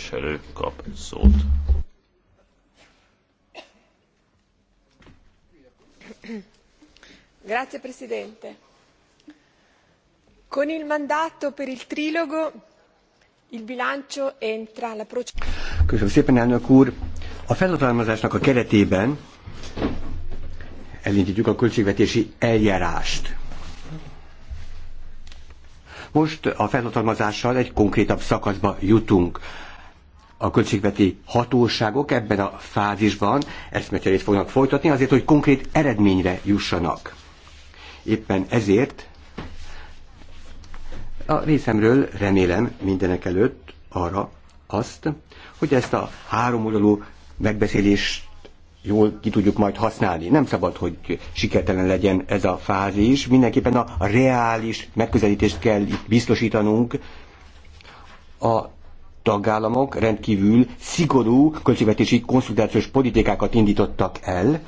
képviselő kap szót. Grazie Presidente. Con il mandato per il trilogo il bilancio entra la procedura. Köszönöm szépen, elnök úr! A feladatalmazásnak a keretében elindítjuk a költségvetési eljárást. Most a feladatalmazással egy konkrétabb szakaszba jutunk a költségveti hatóságok ebben a fázisban eszmecserét fognak folytatni azért, hogy konkrét eredményre jussanak. Éppen ezért a részemről remélem mindenek előtt arra azt, hogy ezt a háromoldalú megbeszélést jól ki tudjuk majd használni. Nem szabad, hogy sikertelen legyen ez a fázis. Mindenképpen a reális megközelítést kell itt biztosítanunk a tagállamok rendkívül szigorú költségvetési konszultációs politikákat indítottak el,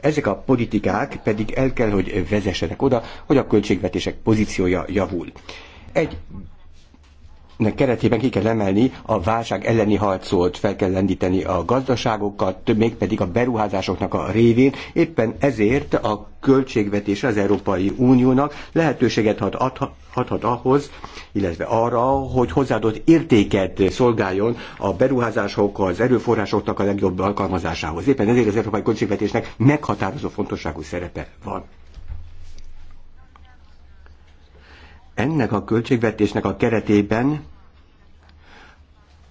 ezek a politikák pedig el kell, hogy vezessenek oda, hogy a költségvetések pozíciója javul. Egy keretében ki kell emelni a válság elleni harcot, fel kell lendíteni a gazdaságokat, mégpedig a beruházásoknak a révén. Éppen ezért a költségvetés az Európai Uniónak lehetőséget ad, ad, adhat ahhoz, illetve arra, hogy hozzáadott értéket szolgáljon a beruházások, az erőforrásoknak a legjobb alkalmazásához. Éppen ezért az európai költségvetésnek meghatározó fontosságú szerepe van. ennek a költségvetésnek a keretében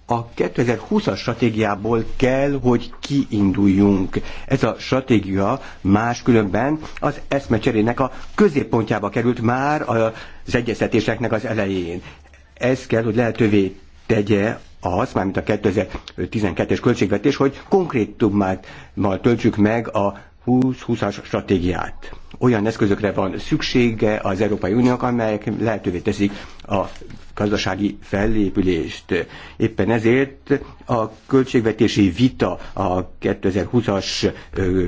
a 2020-as stratégiából kell, hogy kiinduljunk. Ez a stratégia máskülönben az eszmecserének a középpontjába került már az egyeztetéseknek az elején. Ez kell, hogy lehetővé tegye az, mármint a 2012-es költségvetés, hogy konkrétummal töltsük meg a 2020-as stratégiát. Olyan eszközökre van szüksége az Európai Uniónak, amelyek lehetővé teszik a gazdasági fellépülést. Éppen ezért a költségvetési vita a 2020-as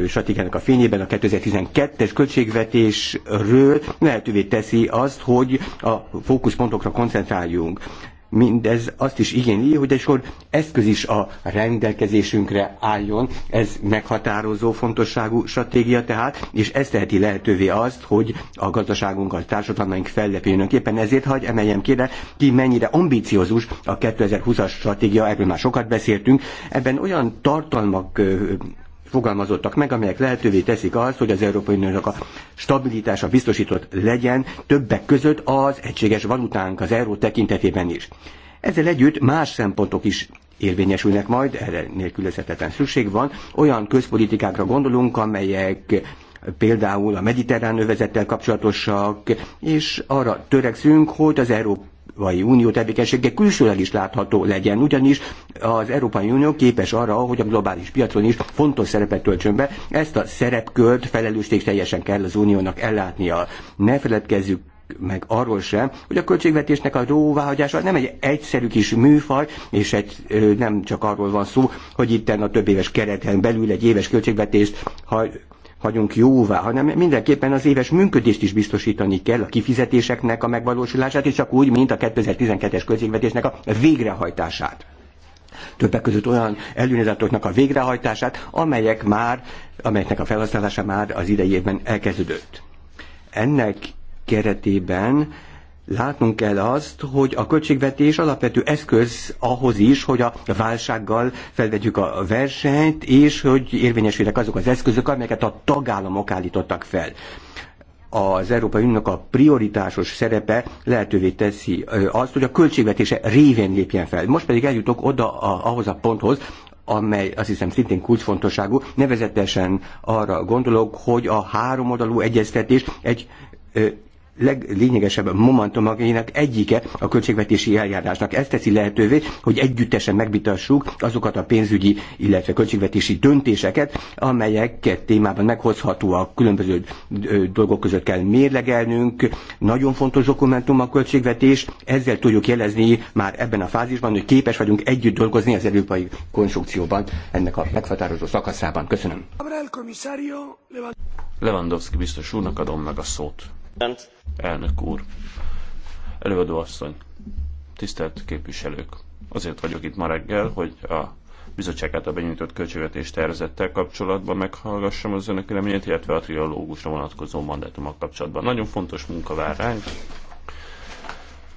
stratégiának a fényében a 2012-es költségvetésről lehetővé teszi azt, hogy a fókuszpontokra koncentráljunk mindez azt is igényli, hogy egy sor eszköz is a rendelkezésünkre álljon, ez meghatározó fontosságú stratégia tehát, és ez teheti lehetővé azt, hogy a gazdaságunkkal, társadalmaink fellepüljönök. Éppen ezért hagy emeljem kére ki, mennyire ambíciózus a 2020-as stratégia, erről már sokat beszéltünk. Ebben olyan tartalmak fogalmazottak meg, amelyek lehetővé teszik azt, hogy az Európai Uniónak a stabilitása biztosított legyen többek között az egységes valutánk az euró tekintetében is. Ezzel együtt más szempontok is érvényesülnek majd, erre nélkülözhetetlen szükség van. Olyan közpolitikákra gondolunk, amelyek például a mediterrán övezettel kapcsolatosak, és arra törekszünk, hogy az Európa Európai Unió tevékenysége külsőleg is látható legyen, ugyanis az Európai Unió képes arra, hogy a globális piacon is fontos szerepet töltsön be, ezt a szerepkört felelősség teljesen kell az uniónak ellátnia. Ne feledkezzük meg arról sem, hogy a költségvetésnek a jóváhagyása nem egy egyszerű kis műfaj, és egy, nem csak arról van szó, hogy itten a több éves kereten belül egy éves költségvetést ha hagyunk jóvá, hanem mindenképpen az éves működést is biztosítani kell, a kifizetéseknek a megvalósulását, és csak úgy, mint a 2012-es költségvetésnek a végrehajtását többek között olyan előnyezatoknak a végrehajtását, amelyek már, amelyeknek a felhasználása már az idejében elkezdődött. Ennek keretében látnunk kell azt, hogy a költségvetés alapvető eszköz ahhoz is, hogy a válsággal felvegyük a versenyt, és hogy érvényesülnek azok az eszközök, amelyeket a tagállamok állítottak fel az Európai Uniónak a prioritásos szerepe lehetővé teszi azt, hogy a költségvetése révén lépjen fel. Most pedig eljutok oda a, ahhoz a ponthoz, amely azt hiszem szintén kulcsfontosságú, nevezetesen arra gondolok, hogy a háromoldalú egyeztetés egy leglényegesebb momentumainak egyike a költségvetési eljárásnak. Ez teszi lehetővé, hogy együttesen megvitassuk azokat a pénzügyi, illetve költségvetési döntéseket, amelyeket témában meghozhatóak, különböző dolgok között kell mérlegelnünk. Nagyon fontos dokumentum a költségvetés, ezzel tudjuk jelezni már ebben a fázisban, hogy képes vagyunk együtt dolgozni az európai konstrukcióban, ennek a meghatározó szakaszában. Köszönöm. Lewandowski biztos úrnak adom meg a szót. Elnök úr, előadó asszony, tisztelt képviselők! Azért vagyok itt ma reggel, hogy a bizottság a benyújtott költségvetés tervezettel kapcsolatban meghallgassam az önök véleményét, illetve a triológusra vonatkozó mandátumok kapcsolatban. Nagyon fontos munka vár ránk,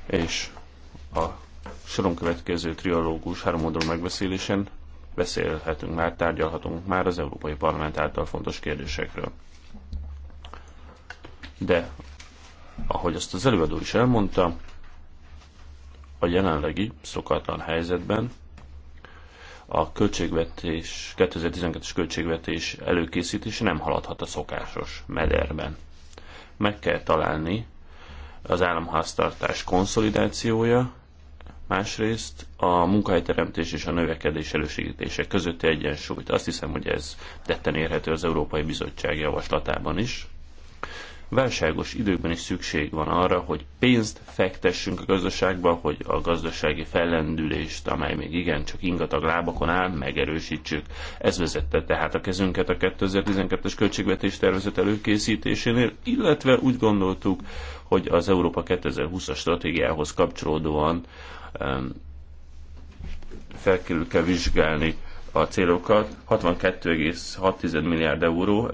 és a soron következő triológus három oldalú megbeszélésen beszélhetünk már, tárgyalhatunk már az Európai Parlament által fontos kérdésekről. De ahogy azt az előadó is elmondta, a jelenlegi szokatlan helyzetben a költségvetés, 2012-es költségvetés előkészítése nem haladhat a szokásos mederben. Meg kell találni az államháztartás konszolidációja, másrészt a munkahelyteremtés és a növekedés elősegítése közötti egyensúlyt. Azt hiszem, hogy ez tetten érhető az Európai Bizottság javaslatában is. Válságos időkben is szükség van arra, hogy pénzt fektessünk a gazdaságba, hogy a gazdasági fellendülést, amely még csak ingatag lábakon áll, megerősítsük. Ez vezette tehát a kezünket a 2012-es költségvetés tervezet előkészítésénél, illetve úgy gondoltuk, hogy az Európa 2020-as stratégiához kapcsolódóan fel kell vizsgálni a célokat. 62,6 milliárd euró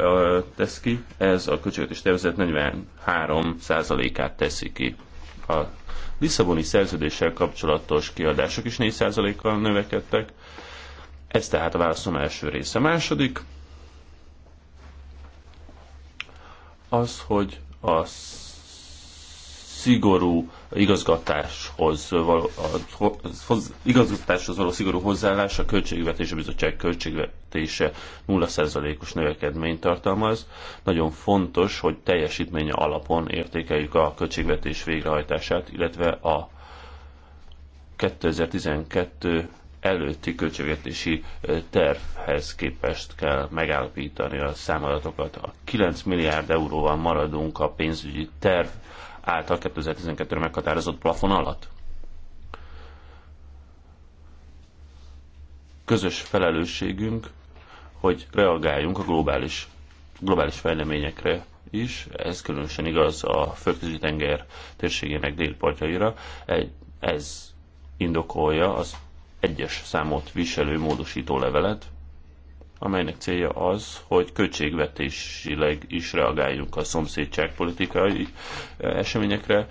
tesz ki, ez a költségvetés tervezet 43%-át teszi ki. A Lisszaboni szerződéssel kapcsolatos kiadások is 4%-kal növekedtek. Ez tehát a válaszom első része. Második, az, hogy a szigorú igazgatáshoz való, hoz, igazgatáshoz való szigorú hozzáállás a költségvetés, a bizottság költségvetése 0%-os növekedményt tartalmaz. Nagyon fontos, hogy teljesítménye alapon értékeljük a költségvetés végrehajtását, illetve a 2012 előtti költségvetési tervhez képest kell megállapítani a számadatokat. A 9 milliárd euróval maradunk a pénzügyi terv által 2012-re meghatározott plafon alatt? Közös felelősségünk, hogy reagáljunk a globális, globális fejleményekre is, ez különösen igaz a földközi tenger térségének délpartjaira, ez indokolja az egyes számot viselő módosító levelet, amelynek célja az, hogy költségvetésileg is reagáljunk a szomszédság politikai eh, eseményekre.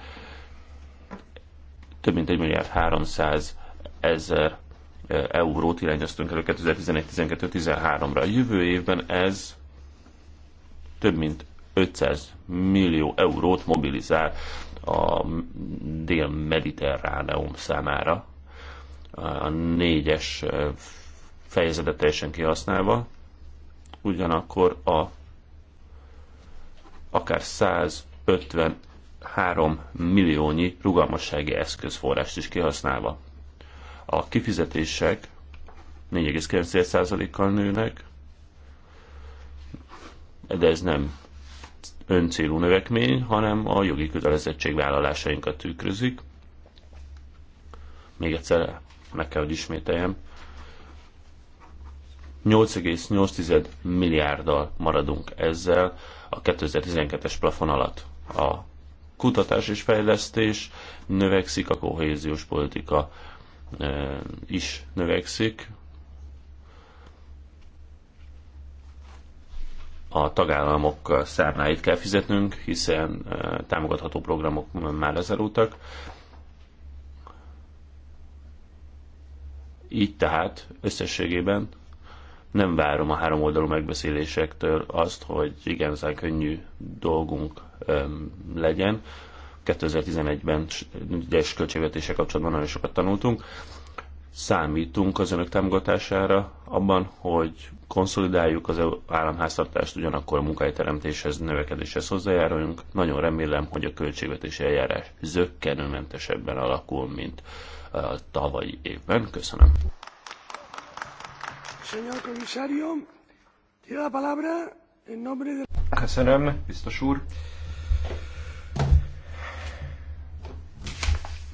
Több mint 1 milliárd 300 ezer eh, eurót irányoztunk elő 2011-12-13-ra. A jövő évben ez több mint 500 millió eurót mobilizál a dél-mediterráneum számára. A négyes eh, fejezetet teljesen kihasználva, ugyanakkor a akár 153 milliónyi rugalmassági eszközforrást is kihasználva. A kifizetések 4,9%-kal nőnek, de ez nem öncélú növekmény, hanem a jogi vállalásainkat tükrözik. Még egyszer meg kell, hogy ismételjem, 8,8 milliárddal maradunk ezzel a 2012-es plafon alatt. A kutatás és fejlesztés növekszik, a kohéziós politika is növekszik. A tagállamok számláit kell fizetnünk, hiszen támogatható programok már lezárultak. Így tehát összességében nem várom a három oldalú megbeszélésektől azt, hogy igazán könnyű dolgunk öm, legyen. 2011-ben ügyes költségvetése kapcsolatban nagyon sokat tanultunk. Számítunk az önök támogatására abban, hogy konszolidáljuk az államháztartást, ugyanakkor a munkahelyteremtéshez, növekedéshez hozzájáruljunk. Nagyon remélem, hogy a költségvetési eljárás zöggenőmentesebben alakul, mint a tavalyi évben. Köszönöm. Köszönöm, biztos úr.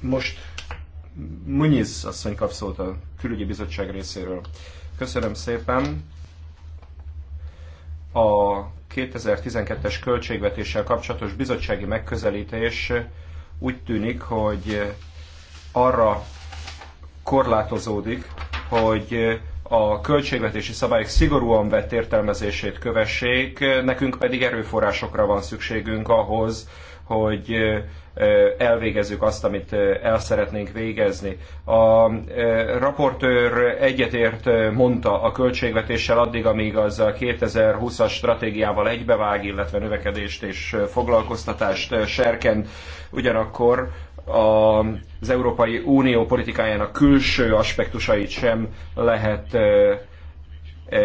Most Muniz asszony kap szót a külügyi bizottság részéről. Köszönöm szépen. A 2012-es költségvetéssel kapcsolatos bizottsági megközelítés úgy tűnik, hogy arra korlátozódik, hogy a költségvetési szabályok szigorúan vett értelmezését kövessék, nekünk pedig erőforrásokra van szükségünk ahhoz, hogy elvégezzük azt, amit el szeretnénk végezni. A raportőr egyetért mondta a költségvetéssel addig, amíg az a 2020-as stratégiával egybevág, illetve növekedést és foglalkoztatást serkent. Ugyanakkor az Európai Unió politikájának külső aspektusait sem lehet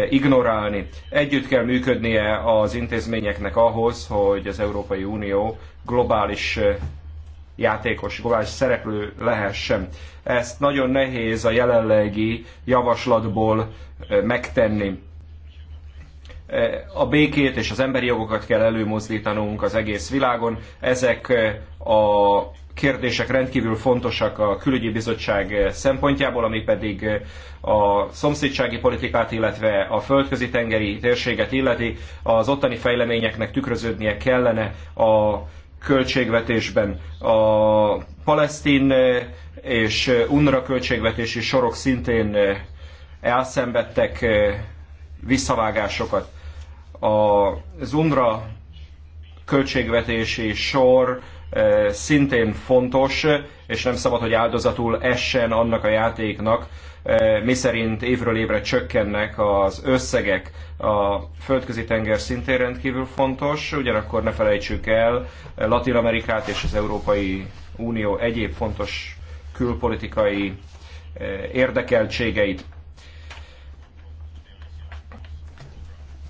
ignorálni. Együtt kell működnie az intézményeknek ahhoz, hogy az Európai Unió globális játékos, globális szereplő lehessen. Ezt nagyon nehéz a jelenlegi javaslatból megtenni. A békét és az emberi jogokat kell előmozdítanunk az egész világon. Ezek a kérdések rendkívül fontosak a külügyi bizottság szempontjából, ami pedig a szomszédsági politikát, illetve a földközi tengeri térséget illeti. Az ottani fejleményeknek tükröződnie kellene a költségvetésben. A palesztin és UNRWA költségvetési sorok szintén elszenvedtek visszavágásokat. Az UNRWA költségvetési sor szintén fontos, és nem szabad, hogy áldozatul essen annak a játéknak, miszerint évről évre csökkennek az összegek. A földközi tenger szintén rendkívül fontos, ugyanakkor ne felejtsük el Latin Amerikát és az Európai Unió egyéb fontos külpolitikai érdekeltségeit.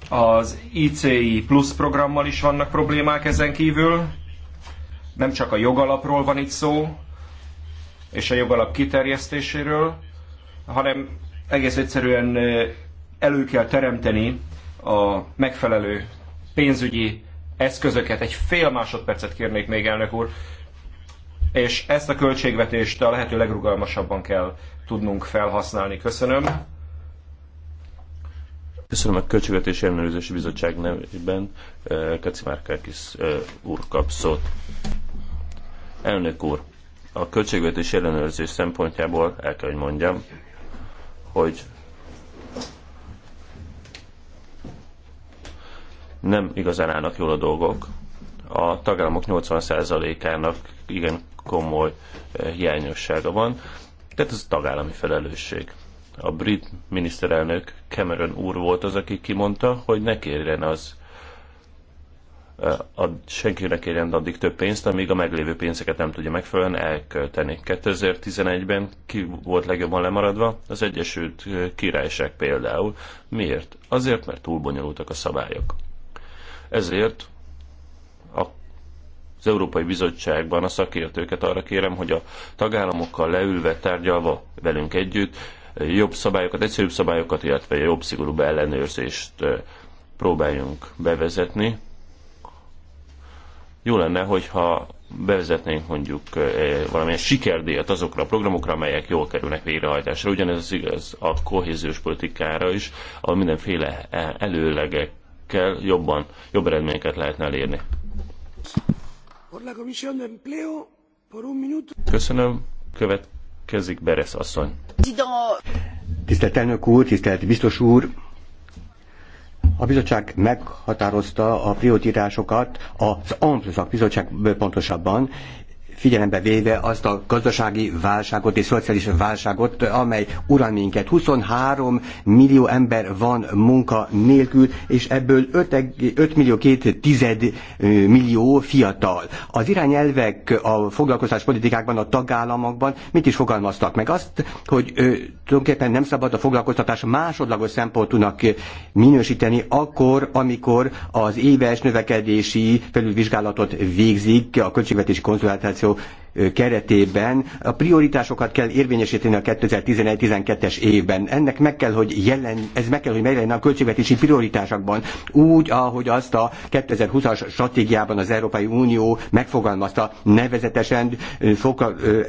Az ICI Plus programmal is vannak problémák ezen kívül, nem csak a jogalapról van itt szó, és a jogalap kiterjesztéséről, hanem egész egyszerűen elő kell teremteni a megfelelő pénzügyi eszközöket. Egy fél másodpercet kérnék még, elnök úr. És ezt a költségvetést a lehető legrugalmasabban kell tudnunk felhasználni. Köszönöm. Köszönöm a Költségvetési Ellenőrzési Bizottság nevében. Kacimár Kárkis úr kap szót. Elnök úr, a költségvetés ellenőrzés szempontjából el kell, hogy mondjam, hogy nem igazán állnak jól a dolgok. A tagállamok 80%-ának igen komoly eh, hiányossága van, tehát ez a tagállami felelősség. A brit miniszterelnök Cameron úr volt az, aki kimondta, hogy ne kérjen az senkinek érjen addig több pénzt, amíg a meglévő pénzeket nem tudja megfelelően elkölteni. 2011-ben ki volt legjobban lemaradva? Az Egyesült Királyság például. Miért? Azért, mert túl bonyolultak a szabályok. Ezért a az Európai Bizottságban a szakértőket arra kérem, hogy a tagállamokkal leülve, tárgyalva velünk együtt jobb szabályokat, egyszerűbb szabályokat, illetve jobb szigorúbb ellenőrzést próbáljunk bevezetni, jó lenne, hogyha bevezetnénk mondjuk eh, valamilyen sikerdélyet azokra a programokra, amelyek jól kerülnek végrehajtásra. Ugyanez az igaz a kohéziós politikára is, ahol mindenféle e- előlegekkel jobban, jobb eredményeket lehetne elérni. Köszönöm. Következik Beres asszony. Tisztelt elnök úr, tisztelt biztos úr, a bizottság meghatározta a prioritásokat, az AMPL bizottság pontosabban, figyelembe véve azt a gazdasági válságot és szociális válságot, amely uram minket. 23 millió ember van munka nélkül, és ebből 5, 5 millió 2 tized millió fiatal. Az irányelvek a foglalkozás politikákban, a tagállamokban mit is fogalmaztak meg? Azt, hogy ö, tulajdonképpen nem szabad a foglalkoztatás másodlagos szempontúnak minősíteni akkor, amikor az éves növekedési felülvizsgálatot végzik a költségvetési konzultáció szó keretében a prioritásokat kell érvényesíteni a 2011-12-es évben. Ennek meg kell, hogy jelen, ez meg kell, hogy megjelenjen a költségvetési prioritásokban, úgy, ahogy azt a 2020-as stratégiában az Európai Unió megfogalmazta, nevezetesen fog,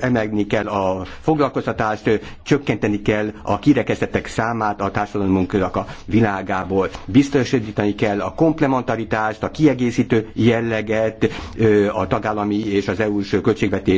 emelni kell a foglalkoztatást, csökkenteni kell a kirekesztettek számát a társadalomunknak a világából. Biztosítani kell a komplementaritást, a kiegészítő jelleget, a tagállami és az EU-s költségvetés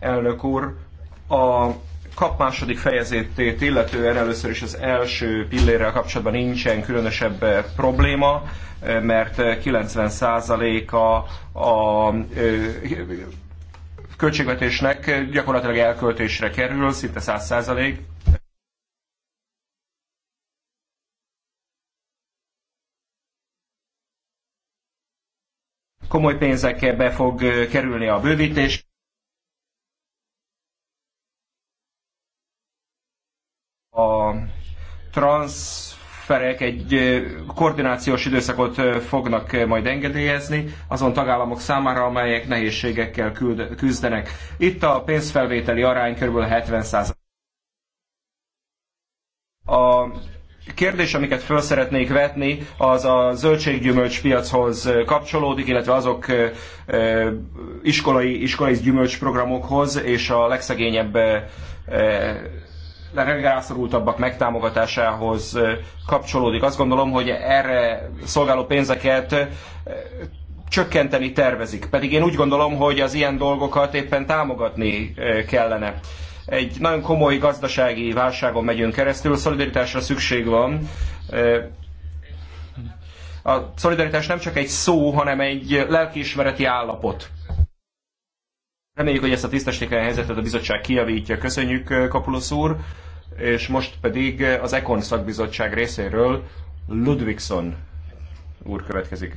elnök úr. A kap második fejezetét illetően először is az első pillérrel kapcsolatban nincsen különösebb probléma, mert 90%-a a költségvetésnek gyakorlatilag elköltésre kerül, szinte 100%. Komoly pénzekbe fog kerülni a bővítés. a transferek egy koordinációs időszakot fognak majd engedélyezni azon tagállamok számára, amelyek nehézségekkel küzdenek. Itt a pénzfelvételi arány kb. 70%. A kérdés, amiket föl szeretnék vetni, az a zöldséggyümölcs piachoz kapcsolódik, illetve azok iskolai, iskolai gyümölcsprogramokhoz és a legszegényebb legrászorultabbak megtámogatásához kapcsolódik. Azt gondolom, hogy erre szolgáló pénzeket csökkenteni tervezik. Pedig én úgy gondolom, hogy az ilyen dolgokat éppen támogatni kellene. Egy nagyon komoly gazdasági válságon megyünk keresztül, szolidaritásra szükség van. A szolidaritás nem csak egy szó, hanem egy lelkiismereti állapot. Reméljük, hogy ezt a tisztességtelen helyzetet a bizottság kijavítja. Köszönjük, Kapulosz úr! és most pedig eh, az Econ szakbizottság részéről Ludvigson úr következik.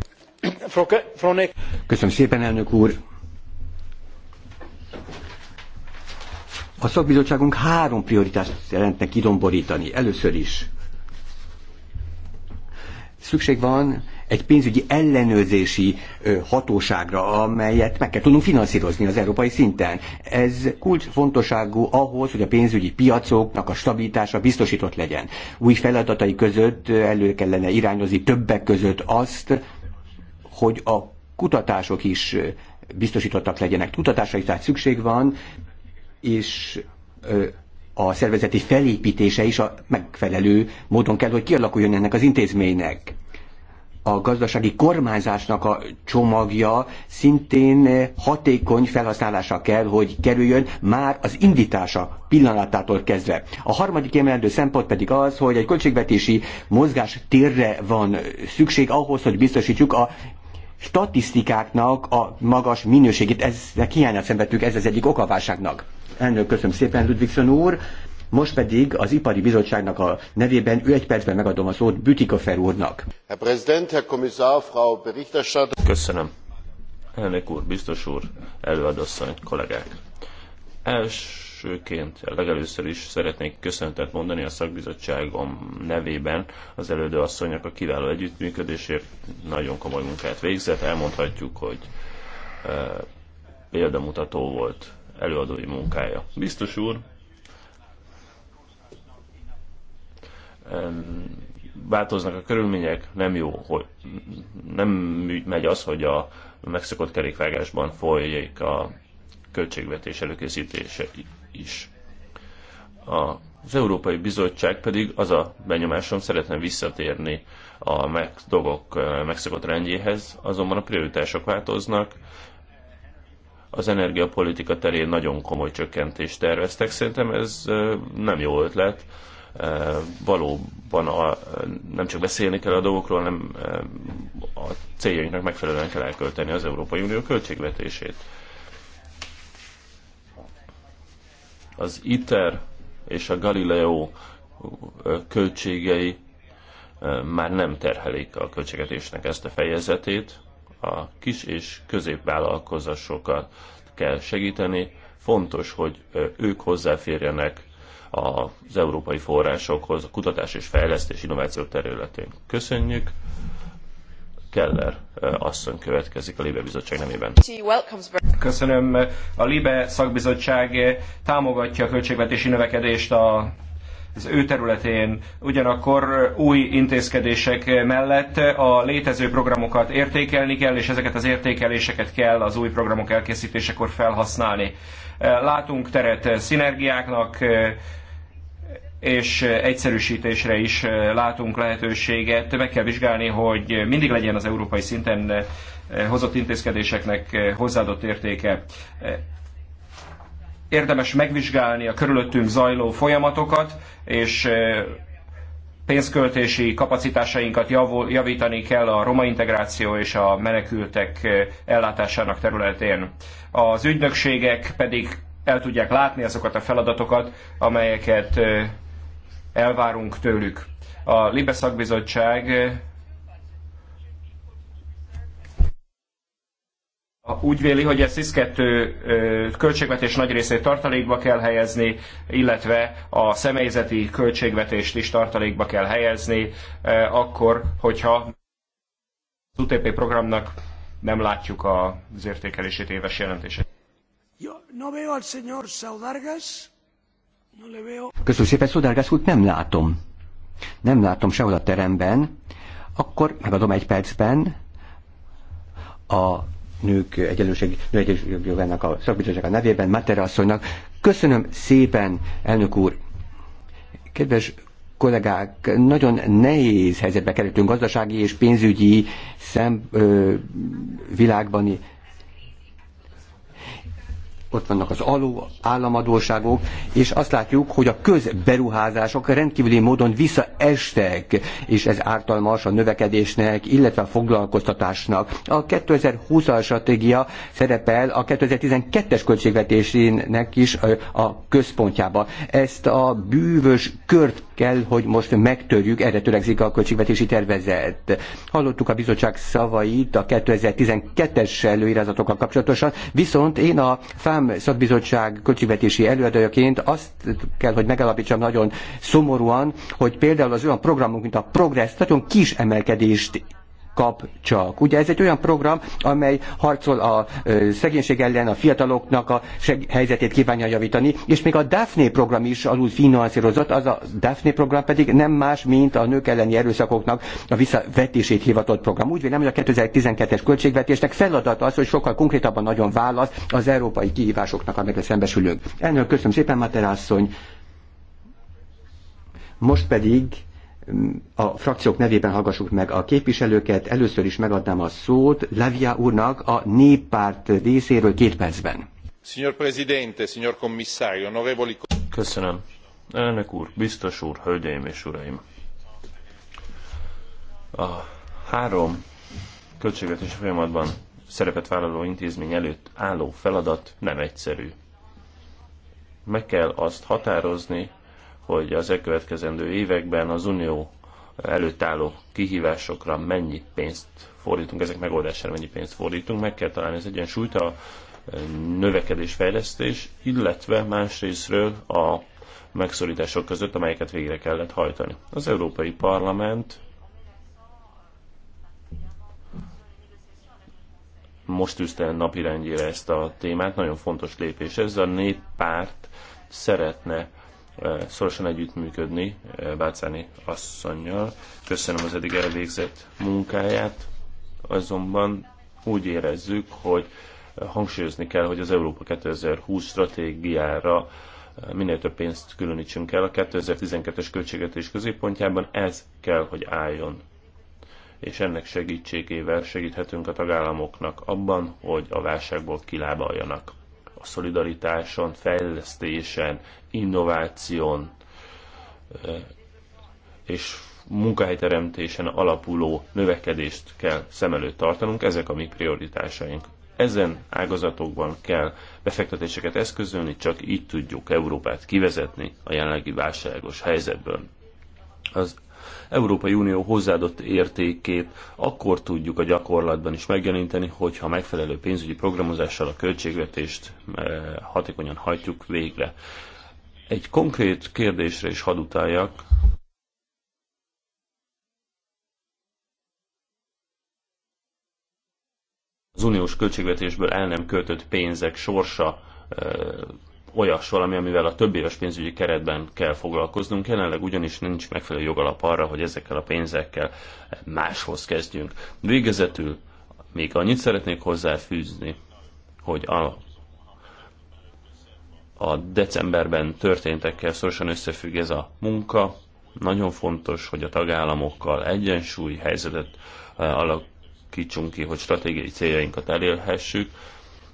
Köszönöm szépen, elnök úr! A szakbizottságunk három prioritást jelentne kidomborítani. Először is szükség van egy pénzügyi ellenőrzési hatóságra, amelyet meg kell tudnunk finanszírozni az európai szinten. Ez kulcsfontosságú ahhoz, hogy a pénzügyi piacoknak a stabilitása biztosított legyen. Új feladatai között elő kellene irányozni többek között azt, hogy a kutatások is biztosítottak legyenek. Kutatásra is tehát szükség van, és a szervezeti felépítése is a megfelelő módon kell, hogy kialakuljon ennek az intézménynek a gazdasági kormányzásnak a csomagja szintén hatékony felhasználása kell, hogy kerüljön már az indítása pillanatától kezdve. A harmadik emelendő szempont pedig az, hogy egy költségvetési mozgás térre van szükség ahhoz, hogy biztosítjuk a statisztikáknak a magas minőségét. Ezek hiányát szenvedtük, ez az egyik okaválságnak. a Elnök, köszönöm szépen, Ludvigson úr. Most pedig az Ipari Bizottságnak a nevében ő egy percben megadom a szót Bütikofer úrnak. Herr Präsident, Herr Kommissar, Frau Berichterstatter. Köszönöm. Elnök úr, biztos úr, előadasszony, kollégák. Elsőként, legelőször is szeretnék köszöntet mondani a szakbizottságom nevében az asszonynak a kiváló együttműködésért. Nagyon komoly munkát végzett, elmondhatjuk, hogy e, példamutató volt előadói munkája. Biztos úr, változnak a körülmények, nem jó, hogy nem megy az, hogy a megszokott kerékvágásban folyik a költségvetés előkészítése is. Az Európai Bizottság pedig az a benyomásom szeretne visszatérni a meg, dolgok megszokott rendjéhez, azonban a prioritások változnak, az energiapolitika terén nagyon komoly csökkentést terveztek. Szerintem ez nem jó ötlet Eh, valóban a, nem csak beszélni kell a dolgokról, hanem eh, a céljainknak megfelelően kell elkölteni az Európai Unió költségvetését. Az ITER és a Galileo eh, költségei már nem terhelik a költségvetésnek ezt a fejezetét. A kis és középvállalkozásokat kell segíteni. Fontos, hogy ők hozzáférjenek az európai forrásokhoz a kutatás és fejlesztés innováció területén. Köszönjük! Keller eh, asszony következik a Libe Bizottság nemében. Köszönöm. A Libe szakbizottság eh, támogatja a költségvetési növekedést a az ő területén. Ugyanakkor eh, új intézkedések mellett a létező programokat értékelni kell, és ezeket az értékeléseket kell az új programok elkészítésekor felhasználni. Eh, látunk teret eh, szinergiáknak, eh, és egyszerűsítésre is látunk lehetőséget. Meg kell vizsgálni, hogy mindig legyen az európai szinten hozott intézkedéseknek hozzáadott értéke. Érdemes megvizsgálni a körülöttünk zajló folyamatokat, és pénzköltési kapacitásainkat javul, javítani kell a roma integráció és a menekültek eh, ellátásának területén. Az ügynökségek pedig el tudják látni azokat a feladatokat, amelyeket eh, elvárunk tőlük. A Libe szakbizottság eh, úgy véli, hogy a SZISZ-2 költségvetés nagy részét tartalékba kell helyezni, illetve a személyzeti költségvetést is tartalékba kell helyezni, akkor, hogyha az UTP programnak nem látjuk az értékelését, éves jelentését. Köszönöm szépen, Szodargász úr, nem látom. Nem látom sehol a teremben. Akkor megadom egy percben a nők egyenlőség, nőegyenlőségjogának a a nevében, Matera asszonynak. Köszönöm szépen, elnök úr! Kedves kollégák, nagyon nehéz helyzetbe kerültünk gazdasági és pénzügyi szem, ö, világbani ott vannak az aló államadóságok, és azt látjuk, hogy a közberuházások rendkívüli módon visszaestek, és ez ártalmas a növekedésnek, illetve a foglalkoztatásnak. A 2020-as stratégia szerepel a 2012-es költségvetésének is a központjába. Ezt a bűvös kört kell, hogy most megtörjük, erre törekszik a költségvetési tervezet. Hallottuk a bizottság szavait a 2012-es előirázatokkal kapcsolatosan, viszont én a FAM szakbizottság költségvetési előadójaként azt kell, hogy megalapítsam nagyon szomorúan, hogy például az olyan programunk, mint a Progress nagyon kis emelkedést kap csak. Ugye ez egy olyan program, amely harcol a szegénység ellen, a fiataloknak a helyzetét kívánja javítani, és még a Daphne program is alul finanszírozott, az a Daphne program pedig nem más, mint a nők elleni erőszakoknak a visszavetését hivatott program. Úgy vélem, hogy a 2012-es költségvetésnek feladata az, hogy sokkal konkrétabban nagyon válasz az európai kihívásoknak, amikre szembesülünk. Ennél köszönöm szépen, Materászony. Most pedig a frakciók nevében hallgassuk meg a képviselőket. Először is megadnám a szót Levia úrnak a néppárt részéről két percben. Signor Presidente, signor Commissario, onorevoli... Köszönöm. Elnök úr, biztos úr, hölgyeim és uraim. A három költségvetési folyamatban szerepet vállaló intézmény előtt álló feladat nem egyszerű. Meg kell azt határozni, hogy az elkövetkezendő években az Unió előtt álló kihívásokra mennyi pénzt fordítunk, ezek megoldására mennyi pénzt fordítunk, meg kell találni az egyensúlyt a e, növekedésfejlesztés, illetve másrésztről a megszorítások között, amelyeket végre kellett hajtani. Az Európai Parlament most üzte napirendjére ezt a témát, nagyon fontos lépés. Ez a néppárt szeretne szorosan együttműködni Bácáni asszonynal. Köszönöm az eddig elvégzett munkáját, azonban úgy érezzük, hogy hangsúlyozni kell, hogy az Európa 2020 stratégiára minél több pénzt különítsünk el a 2012-es költségvetés középpontjában, ez kell, hogy álljon. És ennek segítségével segíthetünk a tagállamoknak abban, hogy a válságból kilábaljanak a szolidaritáson, fejlesztésen, innováción és munkahelyteremtésen alapuló növekedést kell szem előtt tartanunk, ezek a mi prioritásaink. Ezen ágazatokban kell befektetéseket eszközölni, csak így tudjuk Európát kivezetni a jelenlegi válságos helyzetből. Az Európai Unió hozzáadott értékét akkor tudjuk a gyakorlatban is megjeleníteni, hogyha megfelelő pénzügyi programozással a költségvetést eh, hatékonyan hajtjuk végre. Egy konkrét kérdésre is hadd utáljak, az uniós költségvetésből el nem költött pénzek sorsa eh, olyas valami, amivel a több éves pénzügyi keretben kell foglalkoznunk. Jelenleg ugyanis nincs megfelelő jogalap arra, hogy ezekkel a pénzekkel máshoz kezdjünk. Végezetül még annyit szeretnék hozzáfűzni, hogy a, a decemberben történtekkel szorosan összefügg ez a munka. Nagyon fontos, hogy a tagállamokkal egyensúly helyzetet eh, alakítsunk ki, hogy stratégiai céljainkat elérhessük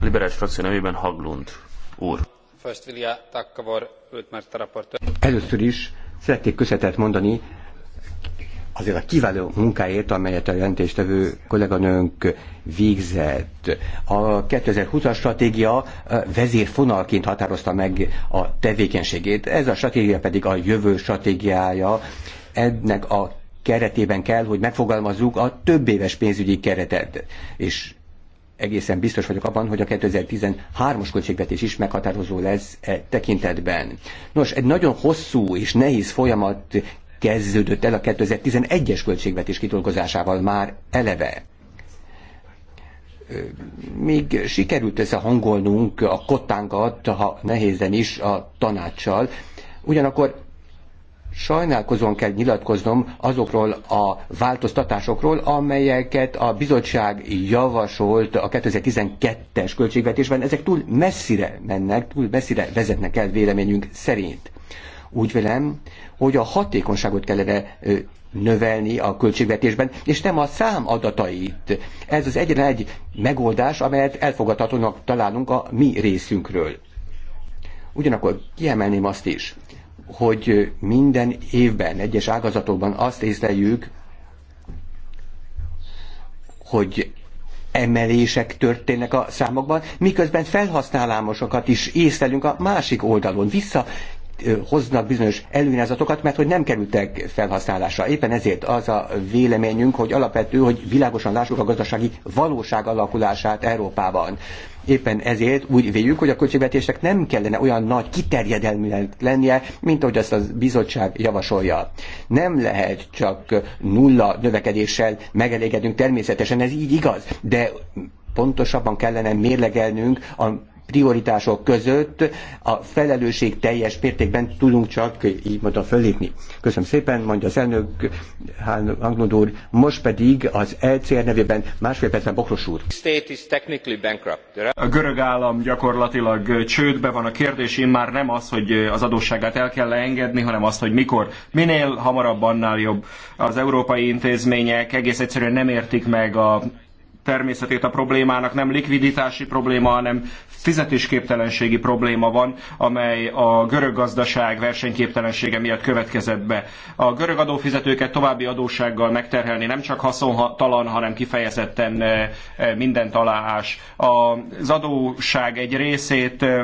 Liberális frakció nevében Haglund úr. Először is szeretnék köszönetet mondani azért a kiváló munkáért, amelyet a jelentéstevő kolléganőnk végzett. A 2020-as stratégia eh, vezérfonalként határozta meg a tevékenységét, ez a stratégia pedig a jövő stratégiája. Ennek a keretében kell, hogy megfogalmazzuk a több éves pénzügyi keretet. És egészen biztos vagyok abban, hogy a 2013-as költségvetés is meghatározó lesz e tekintetben. Nos, egy nagyon hosszú és nehéz folyamat kezdődött el a 2011-es költségvetés kidolgozásával már eleve még sikerült összehangolnunk a kottánkat, ha nehézen is, a tanácssal. Ugyanakkor Sajnálkozón kell nyilatkoznom azokról a változtatásokról, amelyeket a bizottság javasolt a 2012-es költségvetésben. Ezek túl messzire mennek, túl messzire vezetnek el véleményünk szerint. Úgy vélem, hogy a hatékonyságot kellene növelni a költségvetésben, és nem a szám adatait. Ez az egyre egy megoldás, amelyet elfogadhatónak találunk a mi részünkről. Ugyanakkor kiemelném azt is, hogy minden évben, egyes ágazatokban azt észleljük, hogy emelések történnek a számokban, miközben felhasználámosokat is észlelünk a másik oldalon. Vissza hoznak bizonyos előnyázatokat, mert hogy nem kerültek felhasználásra. Éppen ezért az a véleményünk, hogy alapvető, hogy világosan lássuk a gazdasági valóság alakulását Európában. Éppen ezért úgy véljük, hogy a költségvetésnek nem kellene olyan nagy kiterjedelműnek lennie, mint ahogy ezt a bizottság javasolja. Nem lehet csak nulla növekedéssel megelégedünk. természetesen, ez így igaz, de pontosabban kellene mérlegelnünk a prioritások között a felelősség teljes mértékben tudunk csak így mondom fölépni. Köszönöm szépen, mondja az elnök Hánnod úr, most pedig az ECR nevében másfél percben Bokros úr. A görög állam gyakorlatilag csődbe van a kérdés, én már nem az, hogy az adósságát el kell engedni, hanem azt, hogy mikor. Minél hamarabb, annál jobb. Az európai intézmények egész egyszerűen nem értik meg a természetét a problémának nem likviditási probléma, hanem fizetésképtelenségi probléma van, amely a görög gazdaság versenyképtelensége miatt következett be. A görög adófizetőket további adóssággal megterhelni nem csak haszontalan, hanem kifejezetten eh, mindent aláás. Az adóság egy részét eh,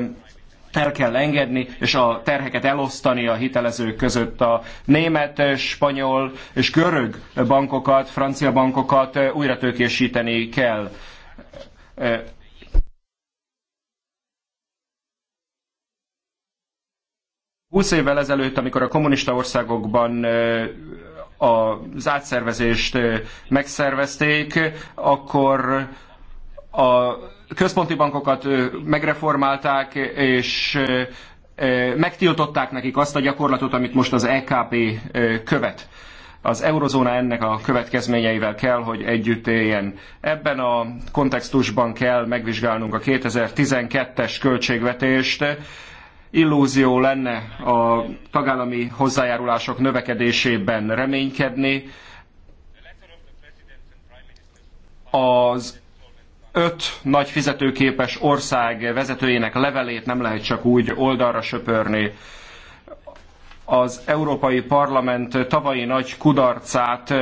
el kell engedni, és a terheket elosztani a hitelezők között a német, spanyol és görög bankokat, francia bankokat újra tőkésíteni kell. Húsz évvel ezelőtt, amikor a kommunista országokban az átszervezést megszervezték, akkor a központi bankokat megreformálták, és megtiltották nekik azt a gyakorlatot, amit most az EKP követ. Az eurozóna ennek a következményeivel kell, hogy együtt éljen. Ebben a kontextusban kell megvizsgálnunk a 2012-es költségvetést. Illúzió lenne a tagállami hozzájárulások növekedésében reménykedni. Az öt nagy fizetőképes ország vezetőjének levelét nem lehet csak úgy oldalra söpörni. Az Európai Parlament tavalyi nagy kudarcát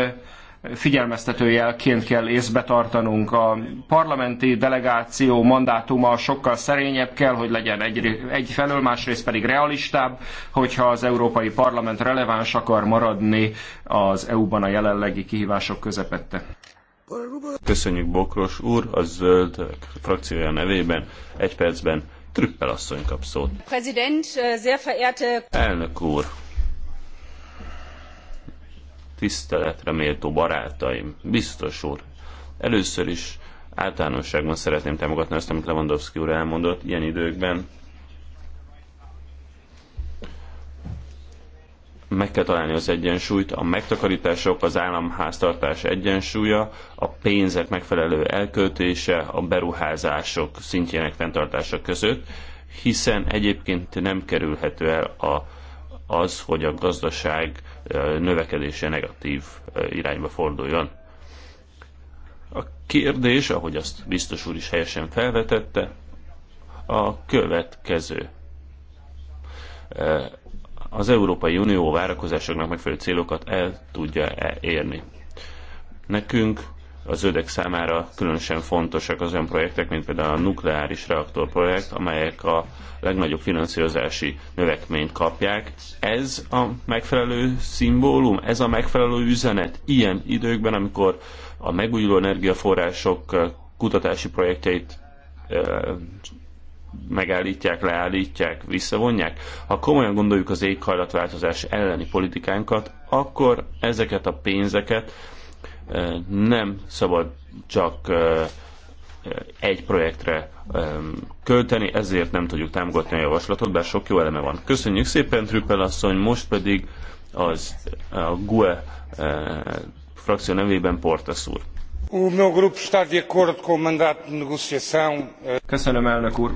figyelmeztető jelként kell észbe tartanunk. A parlamenti delegáció mandátuma sokkal szerényebb kell, hogy legyen egy, egy másrészt pedig realistább, hogyha az Európai Parlament releváns akar maradni az EU-ban a jelenlegi kihívások közepette. Köszönjük Bokros úr, a zöld frakciója nevében egy percben Trüppel asszony kap szót. Äh, verehrte... Elnök úr, tiszteletre méltó barátaim, biztos úr, először is általánosságban szeretném támogatni azt, amit Lewandowski úr elmondott ilyen időkben. meg kell találni az egyensúlyt, a megtakarítások, az államháztartás egyensúlya, a pénzek megfelelő elköltése, a beruházások szintjének fenntartása között, hiszen egyébként nem kerülhető el a, az, hogy a gazdaság növekedése negatív irányba forduljon. A kérdés, ahogy azt biztos úr is helyesen felvetette, a következő az Európai Unió várakozásoknak megfelelő célokat el tudja -e érni. Nekünk a zöldek számára különösen fontosak az olyan projektek, mint például a nukleáris reaktorprojekt, amelyek a legnagyobb finanszírozási növekményt kapják. Ez a megfelelő szimbólum, ez a megfelelő üzenet ilyen időkben, amikor a megújuló energiaforrások kutatási projektjeit eh, megállítják, leállítják, visszavonják, ha komolyan gondoljuk az éghajlatváltozás elleni politikánkat, akkor ezeket a pénzeket eh, nem szabad csak eh, eh, egy projektre költeni, ezért nem tudjuk támogatni a javaslatot, bár sok jó eleme van. Köszönjük szépen, Trüppel asszony, most pedig az a GUE frakció nevében Portas úr. Köszönöm, elnök úr.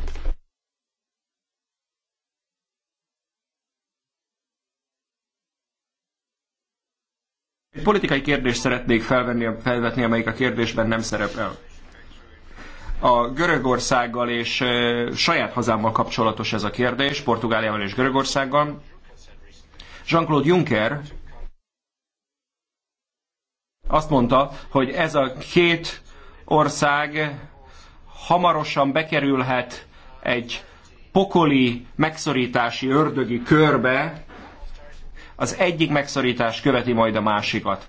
Egy politikai kérdést szeretnék felvenni, felvetni, amelyik a kérdésben nem szerepel. A Görögországgal és saját hazámmal kapcsolatos ez a kérdés, Portugáliával és Görögországgal. Jean-Claude Juncker azt mondta, hogy ez a két ország hamarosan bekerülhet egy pokoli megszorítási ördögi körbe, az egyik megszorítás követi majd a másikat.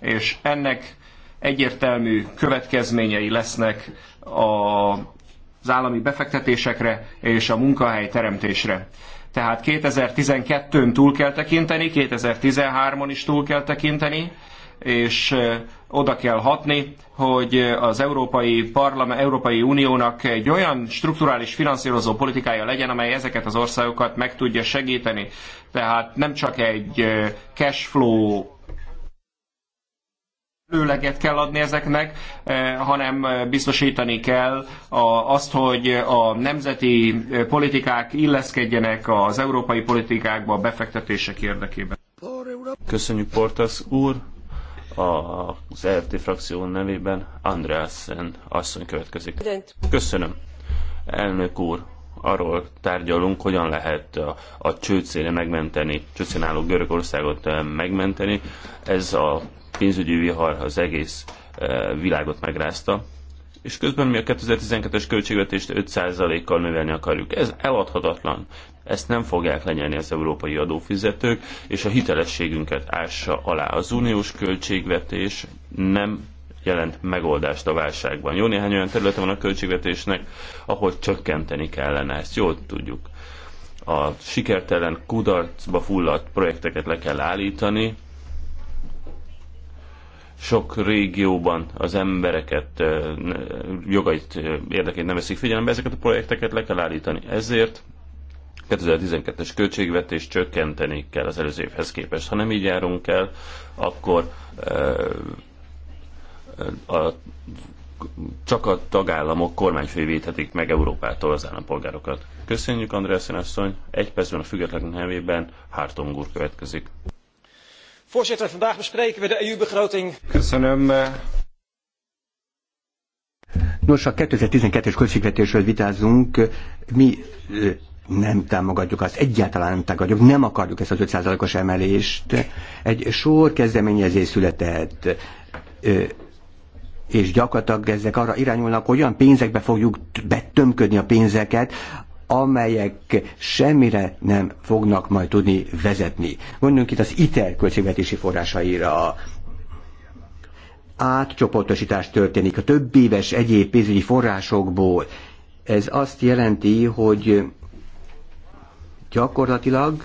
És ennek egyértelmű következményei lesznek a, az állami befektetésekre és a munkahely teremtésre. Tehát 2012-n túl kell tekinteni, 2013-on is túl kell tekinteni, és oda kell hatni, hogy az Európai, Parlament, Európai Uniónak egy olyan strukturális finanszírozó politikája legyen, amely ezeket az országokat meg tudja segíteni. Tehát nem csak egy cash flow lőleget kell adni ezeknek, hanem biztosítani kell azt, hogy a nemzeti politikák illeszkedjenek az európai politikákba a befektetések érdekében. Köszönjük Portas úr! az ERT frakció nevében Andreasen asszony következik. Köszönöm. Elnök úr, arról tárgyalunk, hogyan lehet a, a csőcére megmenteni, csőcén álló Görögországot eh, megmenteni. Ez a pénzügyi vihar az egész eh, világot megrázta és közben mi a 2012-es költségvetést 5%-kal növelni akarjuk. Ez eladhatatlan. Ezt nem fogják lenyelni az európai adófizetők, és a hitelességünket ássa alá. Az uniós költségvetés nem jelent megoldást a válságban. Jó néhány olyan területe van a költségvetésnek, ahol csökkenteni kellene, ezt jól tudjuk. A sikertelen kudarcba fulladt projekteket le kell állítani, sok régióban az embereket jogait, érdekét nem veszik figyelembe, ezeket a projekteket le kell állítani. Ezért 2012-es költségvetés csökkenteni kell az előző évhez képest. Ha nem így járunk el, akkor a, csak a tagállamok kormányfői védhetik meg Európától az állampolgárokat. Köszönjük, András asszony! Egy percben a független nevében Hártong úr következik. Voorzitter, vandaag bespreken we de EU-begroting. Köszönöm. Nos, a 2012-es költségvetésről vitázunk. Mi nem támogatjuk azt, egyáltalán nem támogatjuk, nem akarjuk ezt az 5%-os emelést. Egy sor kezdeményezés született és gyakorlatilag ezek arra irányulnak, hogy olyan pénzekbe fogjuk betömködni a pénzeket, amelyek semmire nem fognak majd tudni vezetni. Gondoljunk itt az ITER költségvetési forrásaira, átcsoportosítás történik a több éves egyéb pénzügyi forrásokból. Ez azt jelenti, hogy gyakorlatilag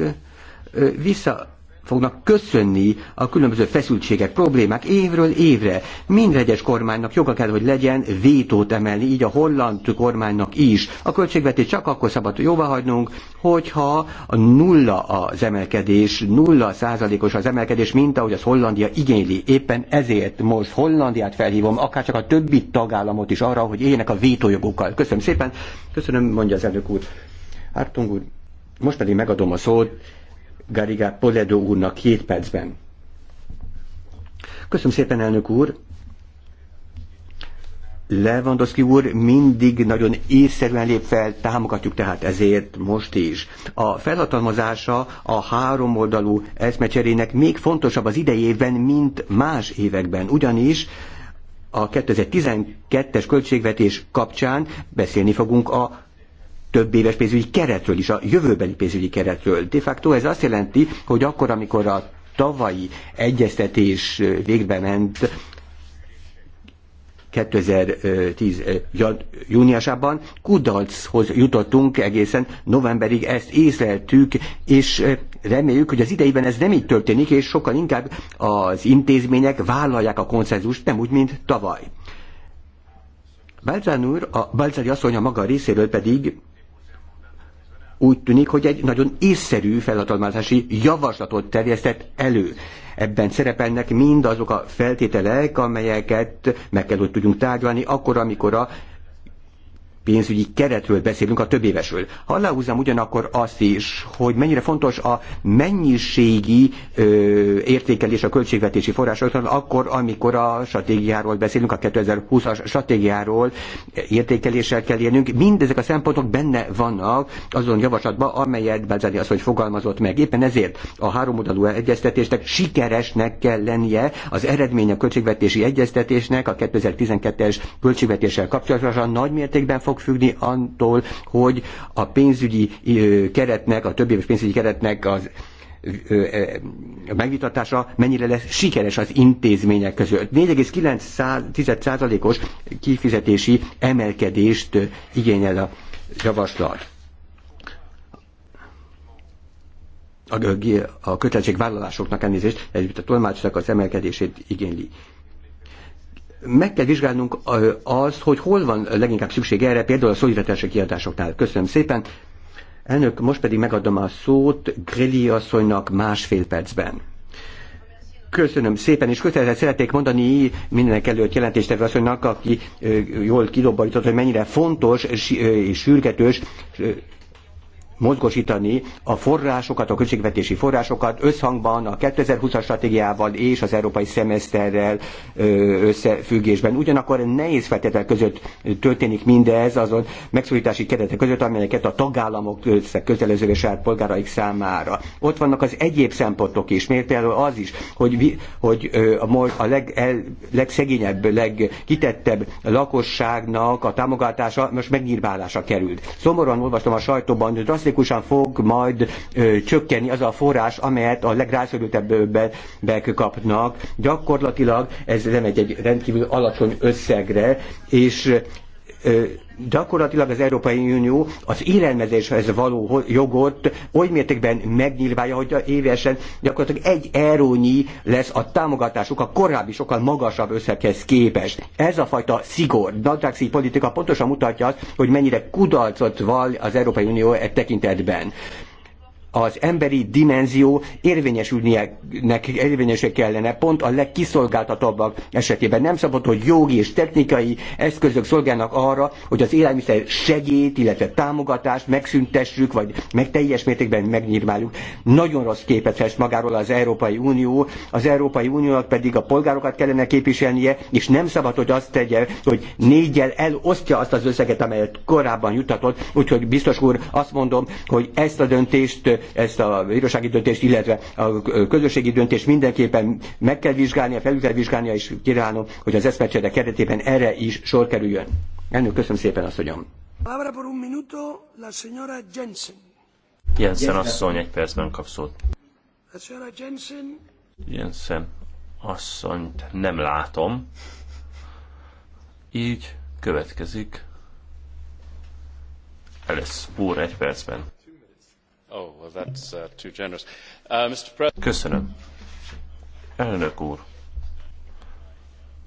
vissza fognak köszönni a különböző feszültségek, problémák évről évre. Minden egyes kormánynak joga kell, hogy legyen vétót emelni, így a holland kormánynak is. A költségvetés csak akkor szabad jóvá hagynunk, hogyha a nulla az emelkedés, nulla százalékos az emelkedés, mint ahogy az Hollandia igényli. Éppen ezért most Hollandiát felhívom, akár csak a többi tagállamot is arra, hogy éljenek a vétójogokkal. Köszönöm szépen, köszönöm, mondja az elnök úr. Hartung úr, most pedig megadom a szót Garigá Poledo úrnak két percben. Köszönöm szépen, elnök úr! Lewandowski úr mindig nagyon észszerűen lép fel, támogatjuk tehát ezért most is. A felhatalmazása a háromoldalú eszmecserének még fontosabb az idejében, mint más években, ugyanis a 2012-es költségvetés kapcsán beszélni fogunk a több éves pénzügyi keretről is, a jövőbeli pénzügyi keretről. De facto ez azt jelenti, hogy akkor, amikor a tavalyi egyeztetés végbe ment, 2010 eh, júniusában kudarchoz jutottunk egészen novemberig, ezt észleltük, és eh, reméljük, hogy az idejében ez nem így történik, és sokkal inkább az intézmények vállalják a konszenzust, nem úgy, mint tavaly. Balzán úr, a Balzári asszony a maga részéről pedig úgy tűnik, hogy egy nagyon észszerű felhatalmazási javaslatot terjesztett elő. Ebben szerepelnek mindazok a feltételek, amelyeket meg kell, hogy tudjunk tárgyalni, akkor, amikor a pénzügyi keretről beszélünk, a több évesről. Aláhúzom ugyanakkor azt is, hogy mennyire fontos a mennyiségi ö, értékelés a költségvetési forrásokon. akkor, amikor a stratégiáról beszélünk, a 2020-as stratégiáról értékeléssel kell élnünk. Mindezek a szempontok benne vannak azon javaslatban, amelyet Bázani azt, hogy fogalmazott meg. Éppen ezért a háromoldalú egyeztetésnek sikeresnek kell lennie az eredmény a költségvetési egyeztetésnek a 2012-es költségvetéssel kapcsolatosan nagy mértékben fog fog függni attól, hogy a pénzügyi keretnek, a többéves pénzügyi keretnek az a megvitatása mennyire lesz sikeres az intézmények között. 4,9%-os kifizetési emelkedést igényel a javaslat. A, a kötelezettségvállalásoknak elnézést, együtt a tolmácsnak az emelkedését igényli meg kell vizsgálnunk az, hogy hol van leginkább szükség erre, például a szolidaritási kiadásoknál. Köszönöm szépen. Elnök, most pedig megadom a szót Grilli asszonynak másfél percben. Köszönöm szépen, és köszönetet szeretnék mondani mindenek előtt jelentéstevő asszonynak, aki jól kidobbalított, hogy mennyire fontos és sürgetős mozgosítani a forrásokat, a költségvetési forrásokat összhangban a 2020-as stratégiával és az európai szemeszterrel összefüggésben. Ugyanakkor nehéz feltétel között történik mindez azon megszorítási keretek között, amelyeket a tagállamok közelezővé saját polgáraik számára. Ott vannak az egyéb szempontok is, miért például az is, hogy, hogy a, a leg, el, legszegényebb, legkitettebb lakosságnak a támogatása most megnyírválása került. Szomorúan olvastam a sajtóban, hogy drasztikusan fog majd csökkenni az a forrás, amelyet a legrászorultabbek kapnak. Gyakorlatilag ez nem egy, egy rendkívül alacsony összegre, és gyakorlatilag az Európai Unió az élelmezéshez való jogot oly mértékben megnyilválja, hogy évesen gyakorlatilag egy eurónyi lesz a támogatásuk a korábbi sokkal magasabb összeghez képest. Ez a fajta szigor, nadrágszi politika pontosan mutatja azt, hogy mennyire kudarcot val az Európai Unió e tekintetben az emberi dimenzió érvényesülnek, érvényesek kellene, pont a legkiszolgáltatabbak esetében. Nem szabad, hogy jogi és technikai eszközök szolgálnak arra, hogy az élelmiszer segélyt, illetve támogatást megszüntessük, vagy meg teljes mértékben megnyírmáljuk. Nagyon rossz képet fest magáról az Európai Unió, az Európai Uniónak pedig a polgárokat kellene képviselnie, és nem szabad, hogy azt tegye, hogy négyel elosztja azt az összeget, amelyet korábban jutatott, úgyhogy biztos úr, azt mondom, hogy ezt a döntést ezt a bírósági döntést, illetve a közösségi döntést mindenképpen meg kell vizsgálnia, felül kell vizsgálnia, és kívánom, hogy az eszmecsere keretében erre is sor kerüljön. Elnök, köszönöm szépen, asszonyom. Jensen. Jensen asszony egy percben kap szót. Jensen. Jensen asszonyt nem látom. Így következik Alice úr egy percben. Oh, uh, uh, Köszönöm. Elnök úr,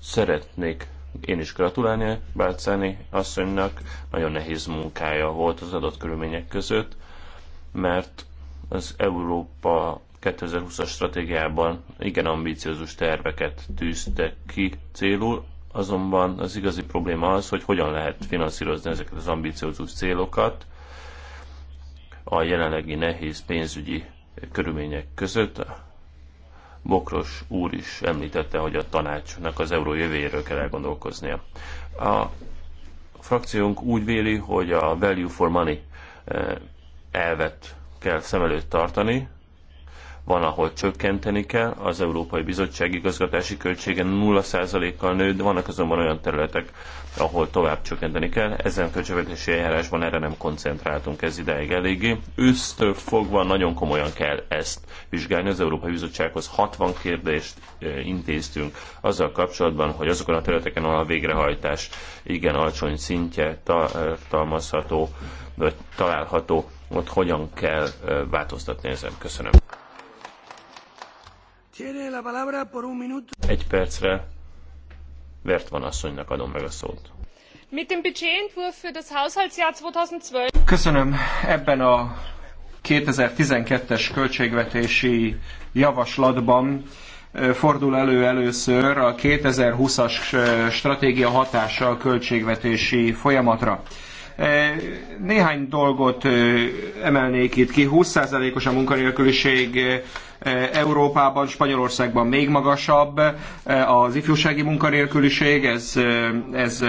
szeretnék én is gratulálni Bálcáni asszonynak. Nagyon nehéz munkája volt az adott körülmények között, mert az Európa 2020-as stratégiában igen ambíciózus terveket tűztek ki célul, azonban az igazi probléma az, hogy hogyan lehet finanszírozni ezeket az ambíciózus célokat, a jelenlegi nehéz pénzügyi körülmények között. Bokros úr is említette, hogy a tanácsnak az euró jövőjéről kell elgondolkoznia. A frakciónk úgy véli, hogy a value for money eh, elvet kell szem előtt tartani, van, ahol csökkenteni kell, az Európai Bizottság igazgatási költsége 0%-kal nő, de vannak azonban olyan területek, ahol tovább csökkenteni kell. Ezen költségvetési eljárásban erre nem koncentráltunk ez ideig eléggé. Ősztől fogva nagyon komolyan kell ezt vizsgálni. Az Európai Bizottsághoz 60 kérdést intéztünk azzal kapcsolatban, hogy azokon a területeken, ahol a végrehajtás igen alacsony szintje tartalmazható, vagy található, ott hogyan kell változtatni ezen. Köszönöm. Egy percre Vertman asszonynak adom meg a szót. Mit Köszönöm. Ebben a 2012-es költségvetési javaslatban fordul elő először a 2020-as stratégia hatása a költségvetési folyamatra. Eh, néhány dolgot eh, emelnék itt ki. 20%-os a munkanélküliség eh, Európában, Spanyolországban még magasabb. Az ifjúsági munkanélküliség, ez, ez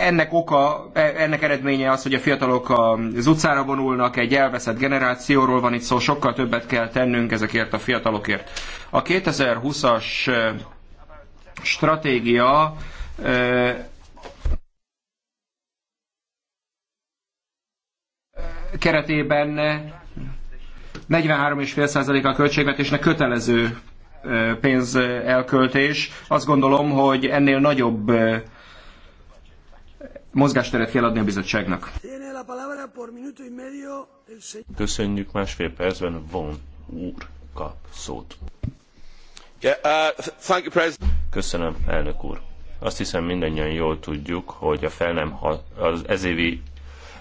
ennek oka, ennek eredménye az, hogy a fiatalok az utcára vonulnak, egy elveszett generációról van itt szó, sokkal többet kell tennünk ezekért a fiatalokért. A 2020-as stratégia keretében 43,5% a költségvetésnek kötelező pénzelköltés. Azt gondolom, hogy ennél nagyobb mozgásteret kell adni a bizottságnak. Köszönjük másfél percben, von úr kap szót. Uh, Köszönöm, elnök úr. Azt hiszem mindannyian jól tudjuk, hogy a fel nem, az ezévi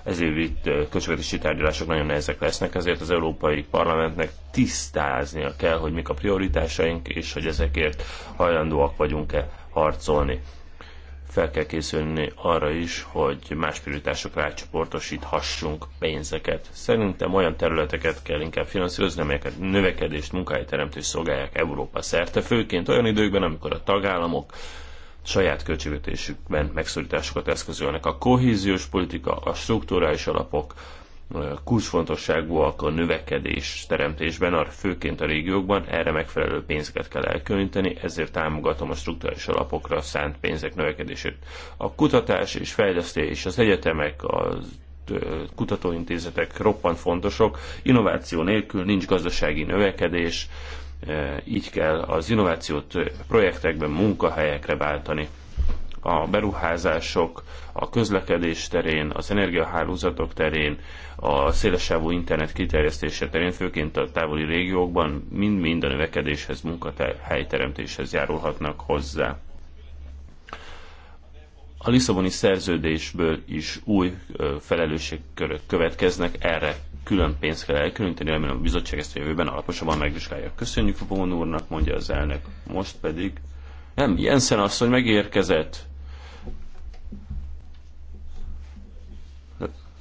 ez itt költségvetési tárgyalások nagyon nehezek lesznek, ezért az Európai Parlamentnek tisztáznia kell, hogy mik a prioritásaink, és hogy ezekért hajlandóak vagyunk-e harcolni. Fel kell készülni arra is, hogy más prioritásokra rácsoportosíthassunk pénzeket. Szerintem olyan területeket kell inkább finanszírozni, amelyeket növekedést, munkahelyteremtést szolgálják Európa szerte, főként olyan időkben, amikor a tagállamok saját költségvetésükben megszorításokat eszközölnek. A kohéziós politika, a strukturális alapok kulcsfontosságúak a növekedés teremtésben, a főként a régiókban, erre megfelelő pénzeket kell elkülöníteni, ezért támogatom a strukturális alapokra szánt pénzek növekedését. A kutatás és fejlesztés, az egyetemek, a kutatóintézetek roppant fontosok, innováció nélkül nincs gazdasági növekedés, E, így kell az innovációt projektekben munkahelyekre váltani. A beruházások a közlekedés terén, az energiahálózatok terén, a szélesávú internet kiterjesztése terén, főként a távoli régiókban mind-mind a növekedéshez, munkahelyteremtéshez járulhatnak hozzá. A Lisszaboni szerződésből is új felelősségkörök következnek, erre külön pénzt kell elkülöníteni, remélem a bizottság ezt a jövőben alaposabban megvizsgálja. Köszönjük a Bón úrnak, mondja az elnök. Most pedig nem, Jensen asszony megérkezett.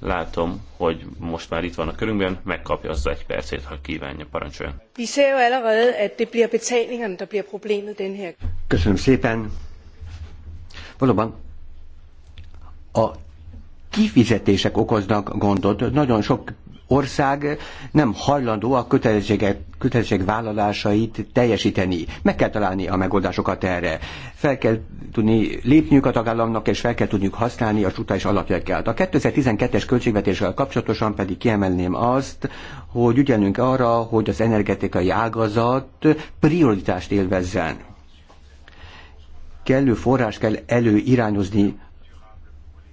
Látom, hogy most már itt van a körünkben, megkapja az egy percét, ha kívánja, parancsoljon. Vi ser jo allerede, at det bliver betalingerne, der bliver problemet den her. Köszönöm szépen. Valóban a kifizetések okoznak gondot. Nagyon sok ország nem hajlandó a kötelezettség vállalásait teljesíteni. Meg kell találni a megoldásokat erre. Fel kell tudni lépniük a tagállamnak, és fel kell tudniuk használni a struktúrális alapjaikat. A 2012-es költségvetéssel kapcsolatosan pedig kiemelném azt, hogy ügyelünk arra, hogy az energetikai ágazat prioritást élvezzen kellő forrás kell előirányozni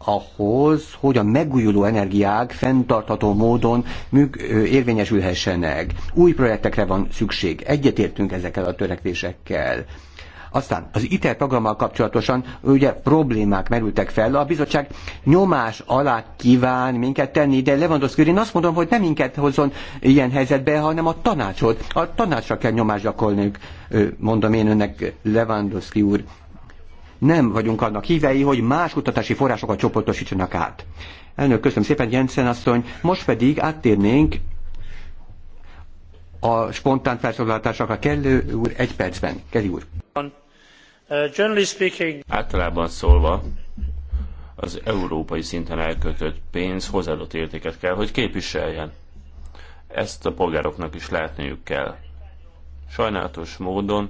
ahhoz, hogy a megújuló energiák fenntartható módon műk, érvényesülhessenek. Új projektekre van szükség. Egyetértünk ezekkel a törekvésekkel. Aztán az ITER programmal kapcsolatosan ugye problémák merültek fel. A bizottság nyomás alá kíván minket tenni, de Lewandowski én azt mondom, hogy nem minket hozzon ilyen helyzetbe, hanem a tanácsot. A tanácsra kell nyomás gyakorolnunk, mondom én önnek, Lewandowski úr nem vagyunk annak hívei, hogy más kutatási forrásokat csoportosítsanak át. Elnök, köszönöm szépen, Jensen asszony. Most pedig áttérnénk a spontán felszólalásokra kellő úr egy percben. Kelly úr. Általában szólva, az európai szinten elkötött pénz hozzáadott értéket kell, hogy képviseljen. Ezt a polgároknak is látniuk kell. Sajnálatos módon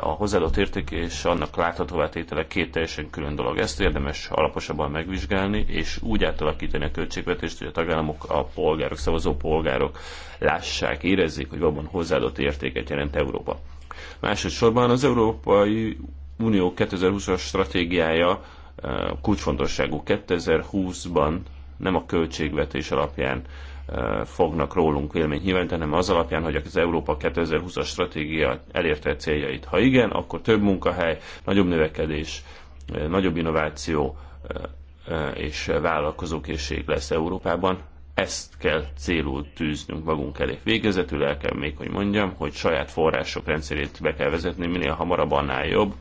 a hozzáadott érték és annak láthatóvá tétele két teljesen külön dolog. Ezt érdemes alaposabban megvizsgálni, és úgy átalakítani a költségvetést, hogy a tagállamok, a polgárok, szavazó polgárok lássák, érezzék, hogy valóban hozzáadott értéket jelent Európa. Másodszorban az Európai Unió 2020-as stratégiája eh, kulcsfontosságú 2020-ban nem a költségvetés alapján fognak rólunk vélemény nyilvánítani, hanem az alapján, hogy az Európa 2020-as stratégia elérte céljait. Ha igen, akkor több munkahely, nagyobb növekedés, nagyobb innováció és vállalkozókészség lesz Európában. Ezt kell célul tűznünk magunk elé. Végezetül el kell még, hogy mondjam, hogy saját források rendszerét be kell vezetni, minél hamarabb, annál jobb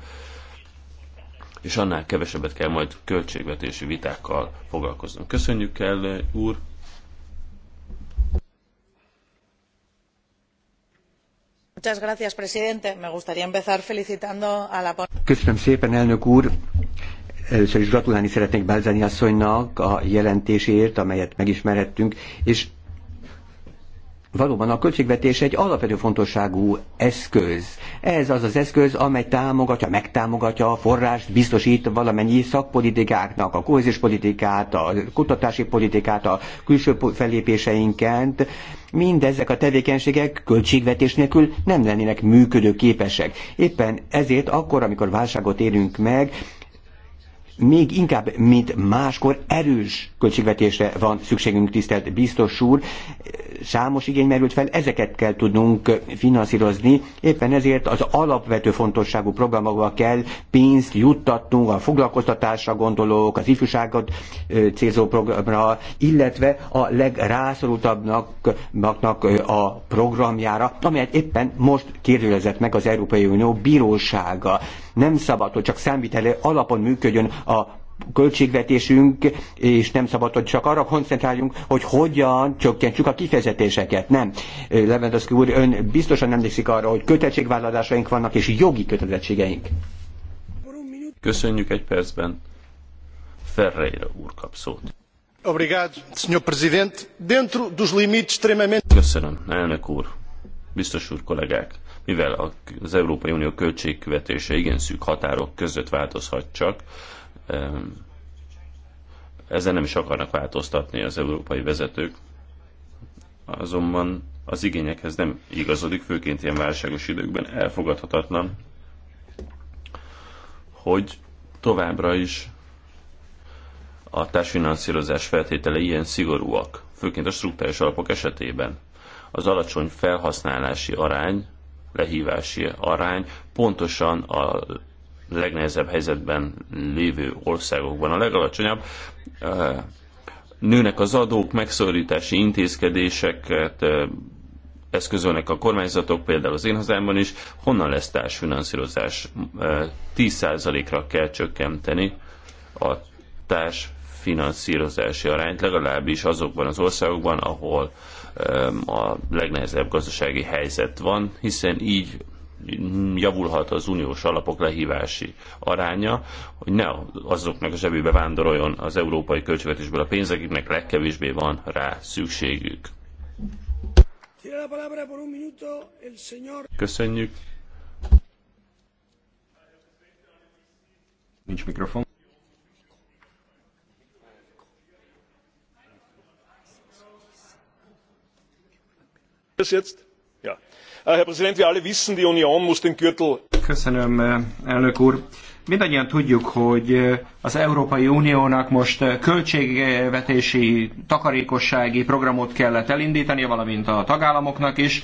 és annál kevesebbet kell majd költségvetési vitákkal foglalkoznunk. Köszönjük el, úr! Köszönöm szépen, elnök úr! Először is gratulálni szeretnék asszonynak a jelentéséért, amelyet megismerhettünk, és Valóban a költségvetés egy alapvető fontosságú eszköz. Ez az az eszköz, amely támogatja, megtámogatja a forrást, biztosít valamennyi szakpolitikáknak, a kohéziós politikát, a kutatási politikát, a külső fellépéseinket. Mindezek a tevékenységek költségvetés nélkül nem lennének működőképesek. Éppen ezért akkor, amikor válságot érünk meg, még inkább, mint máskor erős költségvetésre van szükségünk, tisztelt biztos úr. Számos igény merült fel, ezeket kell tudnunk finanszírozni, éppen ezért az alapvető fontosságú programokba kell pénzt juttatnunk, a foglalkoztatásra gondolók, az ifjúságot célzó programra, illetve a legrászorultabbnak a programjára, amelyet éppen most kérdőjelezett meg az Európai Unió bírósága. Nem szabad, hogy csak számviteli alapon működjön a költségvetésünk, és nem szabad, hogy csak arra koncentráljunk, hogy hogyan csökkentsük a kifejezetéseket. Nem. Lewandowski úr, ön biztosan emlékszik arra, hogy kötelezettségvállalásaink vannak, és jogi kötelezettségeink. Köszönjük egy percben. Ferreira úr kap szót. Obrigado, Presidente. Dentro dos limites extremamente... Köszönöm, elnök úr, biztos úr kollégák mivel az Európai Unió költségkövetése igen szűk határok között változhat csak, ezzel nem is akarnak változtatni az európai vezetők, azonban az igényekhez nem igazodik, főként ilyen válságos időkben elfogadhatatlan, hogy továbbra is a társfinanszírozás feltételei ilyen szigorúak, főként a struktúrás alapok esetében. Az alacsony felhasználási arány lehívási arány pontosan a legnehezebb helyzetben lévő országokban a legalacsonyabb. Nőnek az adók, megszorítási intézkedéseket eszközölnek a kormányzatok, például az én hazámban is, honnan lesz társfinanszírozás? 10%-ra kell csökkenteni a társ finanszírozási arányt, legalábbis azokban az országokban, ahol a legnehezebb gazdasági helyzet van, hiszen így javulhat az uniós alapok lehívási aránya, hogy ne azoknak a zsebébe vándoroljon az európai költségvetésből a pénz, akiknek legkevésbé van rá szükségük. Köszönjük. Nincs mikrofon. Äh, Köszönöm, äh, elnök úr. Mindannyian tudjuk, hogy äh, az Európai Uniónak most költségvetési, takarékossági programot kellett elindítani, valamint a tagállamoknak is,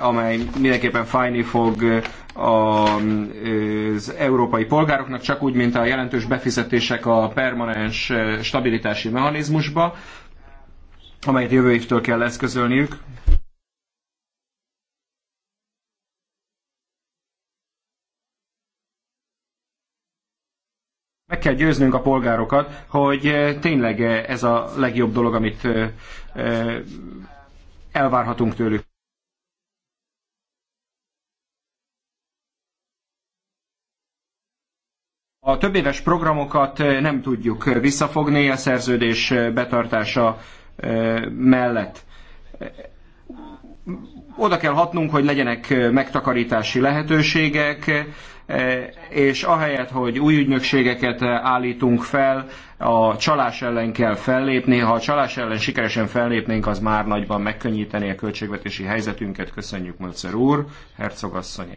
amely mindenképpen fájni fog az európai polgároknak, csak úgy, mint a jelentős befizetések a permanens stabilitási mechanizmusba, amelyet jövő évtől kell eszközölniük. kell győznünk a polgárokat, hogy eh, tényleg eh, ez a legjobb dolog, amit eh, elvárhatunk tőlük. A éves programokat nem tudjuk visszafogni a szerződés betartása mellett. Oda kell hatnunk, hogy legyenek megtakarítási lehetőségek, Eh, és ahelyett, hogy új ügynökségeket eh, állítunk fel, a csalás ellen kell fellépni. Ha a csalás ellen sikeresen fellépnénk, az már nagyban megkönnyíteni a költségvetési helyzetünket. Köszönjük, Mölcer úr, Hercogasszony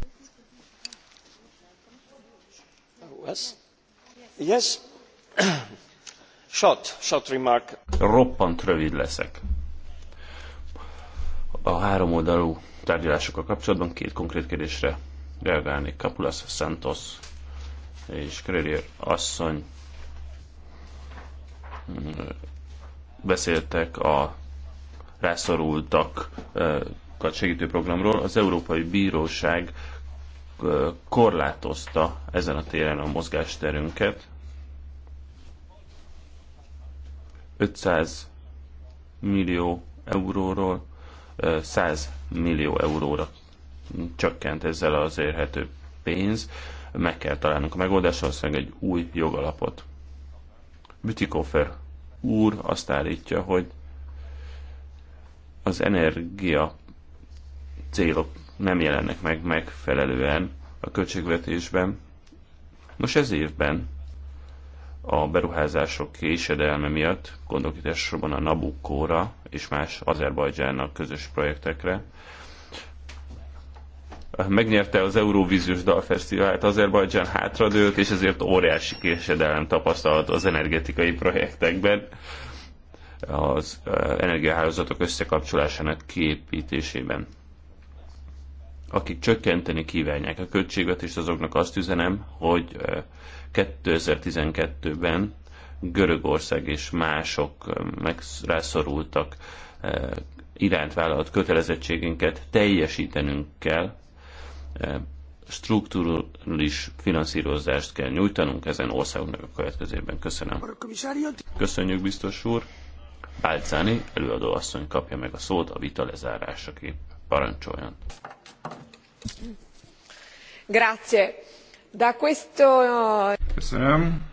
Yes? Yes? Short, short remark. Roppant rövid leszek. A háromoldalú tárgyalásokkal kapcsolatban két konkrét kérdésre reagálni. Kapulas Santos és Krölier asszony mm, beszéltek a rászorultakat eh, segítő programról. Az Európai Bíróság korlátozta ezen a téren a mozgásterünket. 500 millió euróról 100 millió euróra csökkent ezzel az érhető pénz. Meg kell találnunk a megoldást, valószínűleg egy új jogalapot. Bütikofer úr azt állítja, hogy az energia célok nem jelennek meg megfelelően a költségvetésben. Nos, ez évben a beruházások késedelme miatt, gondolok itt elsősorban a Nabukkóra és más Azerbajdzsánnak közös projektekre, megnyerte az Euróvíziós Dalfesztivált, Azerbajdzsán hátradőlt, és ezért óriási késedelem tapasztalható az energetikai projektekben az eh, energiahálózatok összekapcsolásának kiépítésében akik csökkenteni kívánják a költséget és azoknak azt üzenem, hogy 2012-ben Görögország és mások megrászorultak iránt vállalt kötelezettségünket teljesítenünk kell, strukturális finanszírozást kell nyújtanunk ezen országoknak a következőben. Köszönöm. Köszönjük, biztos úr. Álcáni asszony kapja meg a szót a vita lezárásaképp. Parancsoljon. Da questo... Köszönöm.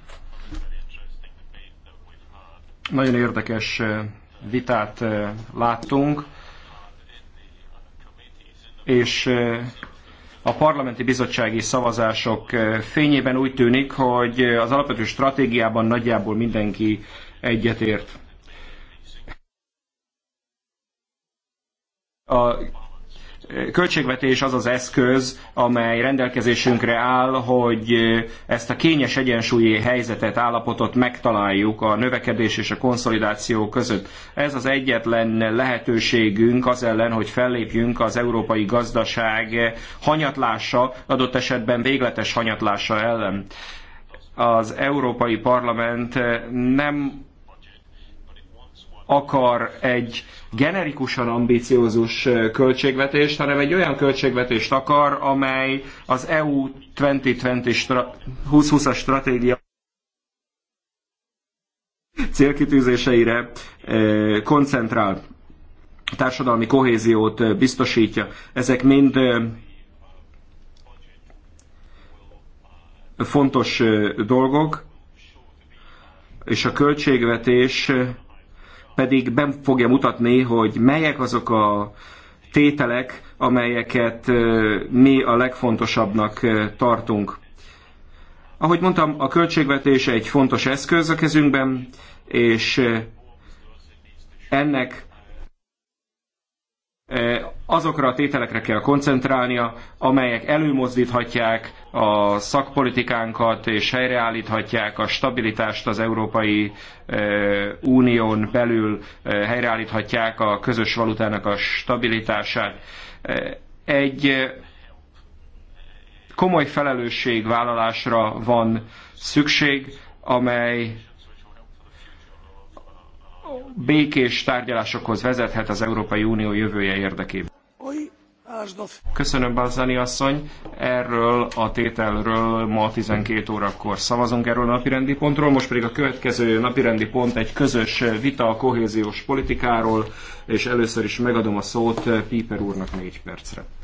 Nagyon érdekes eh, vitát eh, láttunk, és eh, a parlamenti bizottsági szavazások fényében úgy tűnik, hogy az alapvető stratégiában nagyjából mindenki egyetért. A költségvetés az az eszköz, amely rendelkezésünkre áll, hogy ezt a kényes egyensúlyi helyzetet, állapotot megtaláljuk a növekedés és a konszolidáció között. Ez az egyetlen lehetőségünk az ellen, hogy fellépjünk az európai gazdaság hanyatlása, adott esetben végletes hanyatlása ellen. Az Európai Parlament nem akar egy generikusan ambiciózus költségvetést, hanem egy olyan költségvetést akar, amely az EU 2020-as stratégia célkitűzéseire koncentrál, társadalmi kohéziót biztosítja. Ezek mind fontos dolgok, és a költségvetés pedig be fogja mutatni, hogy melyek azok a tételek, amelyeket mi a legfontosabbnak tartunk. Ahogy mondtam, a költségvetés egy fontos eszköz a kezünkben, és ennek Eh, azokra a tételekre kell koncentrálnia, amelyek előmozdíthatják a szakpolitikánkat és helyreállíthatják a stabilitást az Európai eh, Unión belül, eh, helyreállíthatják a közös valutának a stabilitását. Egy komoly felelősségvállalásra van szükség, amely békés tárgyalásokhoz vezethet az Európai Unió jövője érdekében. Köszönöm, Bazzani asszony. Erről a tételről ma 12 órakor szavazunk erről a napirendi pontról. Most pedig a következő napirendi pont egy közös vita a kohéziós politikáról, és először is megadom a szót Piper úrnak négy percre.